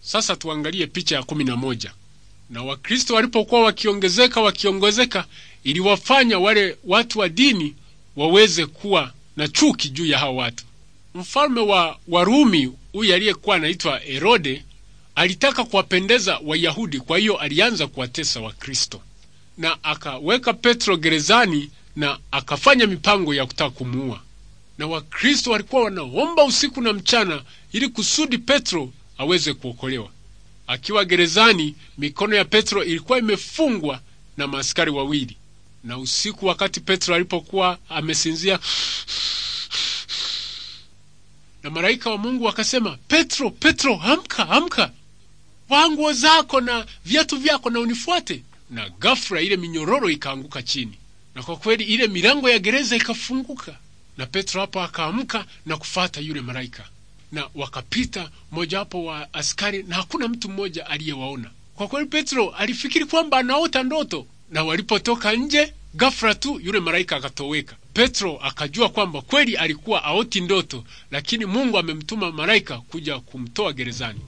Sasa tuangalie picha ya kumi na moja. Na Wakristo walipokuwa wakiongezeka wakiongezeka, iliwafanya wale watu wa dini waweze kuwa na chuki juu ya hao watu. Mfalme wa Warumi huyu aliyekuwa anaitwa Herode alitaka kuwapendeza Wayahudi, kwa hiyo alianza kuwatesa Wakristo na akaweka Petro gerezani na akafanya mipango ya kutaka kumuua. Na Wakristo walikuwa wanaomba usiku na mchana ili kusudi Petro aweze kuokolewa. Akiwa gerezani, mikono ya Petro ilikuwa imefungwa na maaskari wawili, na usiku, wakati Petro alipokuwa amesinzia, na malaika wa Mungu akasema, Petro, Petro, amka, amka, vaa nguo zako na viatu vyako na unifuate. Na ghafla ile minyororo ikaanguka chini, na kwa kweli ile milango ya gereza ikafunguka, na Petro hapo akaamka na kufata yule malaika na wakapita mojawapo wa askari na hakuna mtu mmoja aliyewaona. Kwa kweli Petro alifikiri kwamba anaota ndoto, na walipotoka nje, ghafla tu yule malaika akatoweka. Petro akajua kwamba kweli alikuwa aoti ndoto, lakini Mungu amemtuma malaika kuja kumtoa gerezani.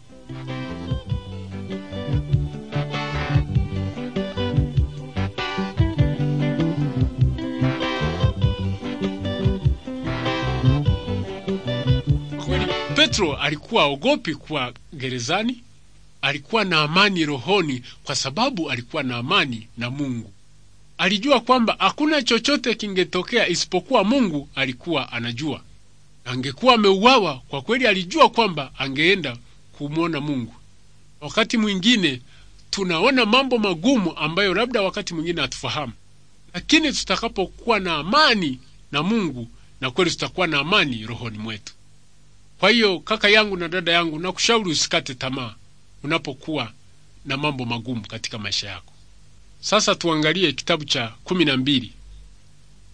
Petro alikuwa aogopi kuwa gerezani. Alikuwa na amani rohoni, kwa sababu alikuwa na amani na Mungu. Alijua kwamba hakuna chochote kingetokea isipokuwa Mungu alikuwa anajua. Angekuwa ameuawa, kwa kweli alijua kwamba angeenda kumwona Mungu. Wakati mwingine tunaona mambo magumu ambayo labda wakati mwingine hatufahamu, lakini tutakapokuwa na amani na Mungu, na kweli tutakuwa na amani rohoni mwetu. Kwa hiyo kaka yangu na dada yangu, nakushauri usikate tamaa unapokuwa na mambo magumu katika maisha yako. Sasa tuangalie kitabu cha kumi na mbili.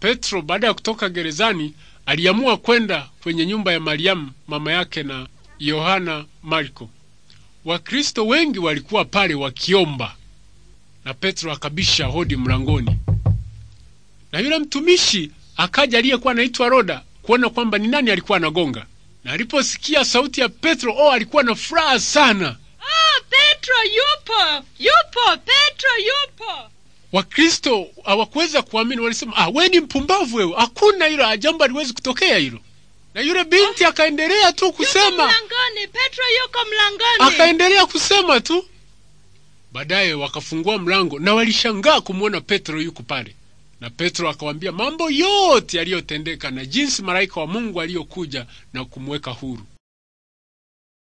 Petro baada ya kutoka gerezani aliamua kwenda kwenye nyumba ya Mariamu mama yake na Yohana Marko. Wakristo wengi walikuwa pale wakiomba, na Petro akabisha hodi mlangoni, na yule mtumishi akaja aliyekuwa anaitwa Roda kuona kwamba ni nani alikuwa anagonga na aliposikia sauti ya Petro, oh, alikuwa na furaha sana. Ah, Petro yupo, yupo, Petro yupo. Wakristo hawakuweza kuamini, walisema ah, we ni mpumbavu wewe, hakuna hilo ajambo, aliwezi kutokea hilo. Na yule binti oh, akaendelea tu kusema yuko mlangoni, Petro yuko mlangoni, akaendelea kusema tu. Baadaye wakafungua mlango na walishangaa kumwona Petro yuko pale. Na Petro akawambia mambo yote yaliyotendeka na jinsi malaika wa Mungu aliyokuja na kumweka huru.